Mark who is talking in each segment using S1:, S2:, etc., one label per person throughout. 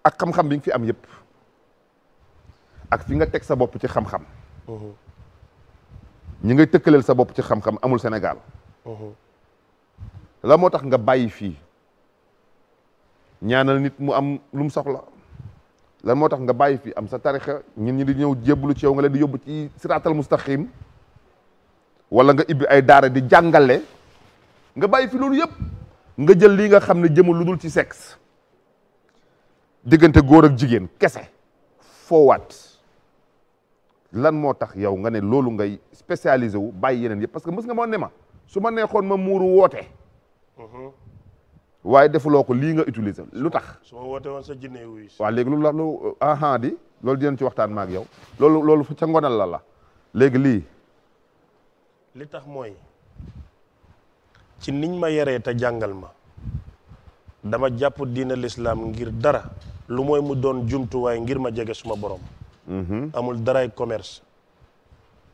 S1: ak xam-xam bi nga fi am yëpp ak fi nga teg sa bopp ci xam-xam mhm. ñi ngay tëkkaleel sa bopp ci xam-xam amul Sénégal mhm. la moo tax nga bàyyi fii ñaanal nit mu am lu mu soxla lan moo tax nga bàyyi fii am sa tarixa ñun ñi di ñëw jébbalu ci yow nga leen di yóbbu ci siraatal mustaqim wala nga ibbi ay daara di jàngale nga bàyyi fi loolu yëpp nga jël lii nga xam ne jëmul lu dul ci sex diggante góor ak jigéen kese foowaat lan moo tax yow nga ne loolu ngay spécialisé wu bàyyi yeneen yëpp parce que mës nga ma ne ma su ma neexoon ma muuru
S2: woote. Mhm.
S1: waaye defuloo ko lii nga utiliser lu tax.
S2: su ma woote woon sa jinne wuyu si.
S1: waaw léegi lu la uh, uh, uh, loolu dinañ ci waxtaan ma ak yow loolu loolu
S2: ca ngonal la la léegi lii. li tax mooy ci niñ ma yaree te jàngal ma dama jàpp diina lislaam ngir dara lu mooy mu doon jumtuwaay ngir ma jege suma borom. Mhm. amul daray commerce.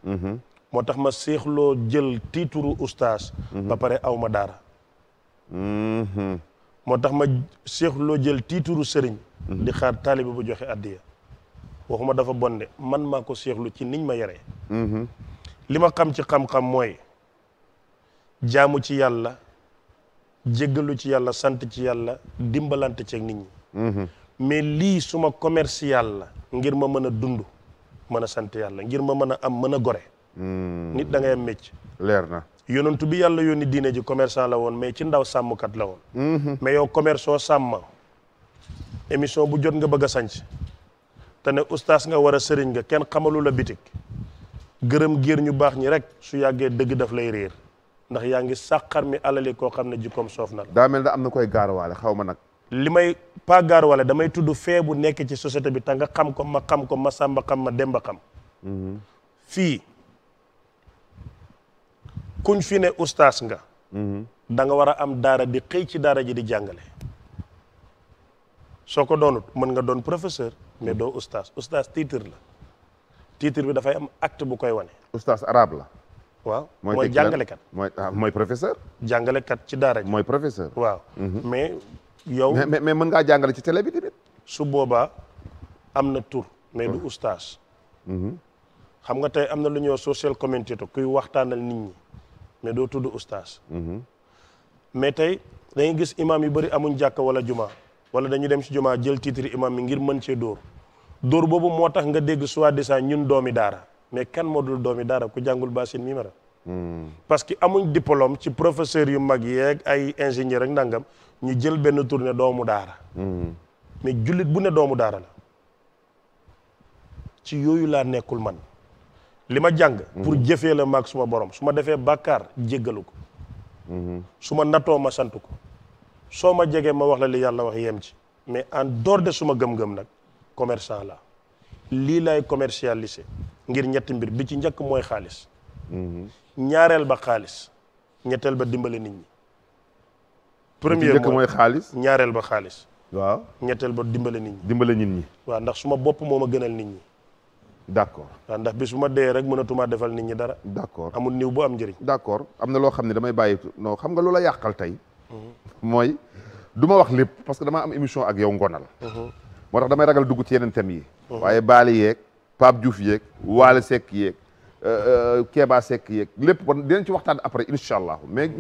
S2: Mhm. moo tax ma seexloo jël tiituru ustaas. Mhm. ba pare aw ma daara. moo tax ma seexloo jël tiituru sëriñ. di xaar taalibe bu joxe addiya waxuma dafa bonde man maa ko seexlu ci niñ ma yaree. li ma xam ci xam-xam mooy jaamu ci yàlla jéggalu ci yàlla sant ci yàlla dimbalante ceeg nit ñi. mais lii suma commercial la ngir ma mën a dund mën a sant yàlla ngir ma mën a am mën a gore hmm. nit da ngay am mécc leer na yonentu bi yàlla yónni diine ji commerçant la woon mais ci ndaw sàmmkat la woon hmm. mais yow commerçant sàmm émission bu jot nga bëgg a sanc te ne ustaas nga war a sëriñ nga kenn xamalu la bitik gërëm giir ñu baax ñi rek su yàggee dëgg daf lay réer ndax yaa ngi sàqar mi alali koo xam ne jikkoom soof na la daa mel na am na koy gaarawaale xaw ma nag li may pas gaar wala damay tudd fee bu nekk ci société bi te nga xam ko ma xam ko ma sàmba xam ma demba xam mhm. fii kuñ fi ne ustaas nga mhm. danga war a am daara di xëy ci daara ji di jàngale soo ko doonut mën nga doon professeur mais doo ustaas ustaas titre la titre bi dafay am act bu koy wane ustaas arabe la waaw mooy jàngalekat ah, mooy professeur jàngalekat ci daara ji mooy professeur waaw mhm. mais yow mais mais mën ngaa jàngale ci télé bi tamit. su boobaa am na tur. mais du ustaas. Mm-hmm. xam nga tey am na lu ñuy wax social commentator kuy waxtaanal nit ñi mais doo tudd ustaas. Mm-hmm. mais tey da gis imaam yu bari amuñ jàkka wala jumaa wala dañu dem si jumaa jël titre imaam mi ngir mën cee dóor dóor boobu moo tax nga dégg soit disant ñun doomi daara mais kenn moo dul doomi daara ku jàngul baasin mimara parce que amuñ diplôme ci professeur yu mag yeeg ay ingénieur ak nangam ñu jël benn tournée doomu daara. mais jullit bu ne doomu daara la. ci yooyu laa nekkul man. li ma jàng. pour jëfee la maag suma borom su ma defee bàkkaar jéggalu ko. su ma nattoo ma sant ko. soo ma jegee ma wax la li yàlla wax yem ci. mais en dehors de suma gëm-gëm nag commerçant la lii lay commercialiser ngir ñetti mbir bi ci njëkk mooy xaalis. ñaareel ba xaalis ñetteel ba dimbale nit ñi. premier xaalis ñaareel ba xaalis. waaw ñetteel ba dimbale nit ñi. dimbale nit ñi. waaw ndax suma bopp moo ma gënal nit ñi. d'accord waaw ndax bi bu ma dee rek mënatumaa defal nit ñi dara. d'accord amul niw boo am njëriñ. d'accord am na loo xam ne damay
S1: bàyyi non xam nga loola yàqal tey. mooy du ma wax lépp parce que dama am émission ak yow ngonal. Mhm. moo tax damay ragal dugg ci yeneen thèmes yi. Mhm. waaye Baali yeeg Pape Diouf yeeg Waale Seck yeeg. Euh, euh, Kéba Seck yeeg lépp kon dinañ ci waxtaan après incha allah mais